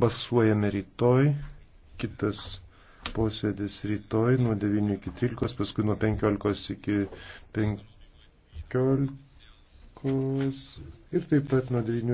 Basuojame rytoj, kitas posėdis rytoj nuo 9 iki 13, paskui nuo 15 iki 15 ir taip pat nuo 9.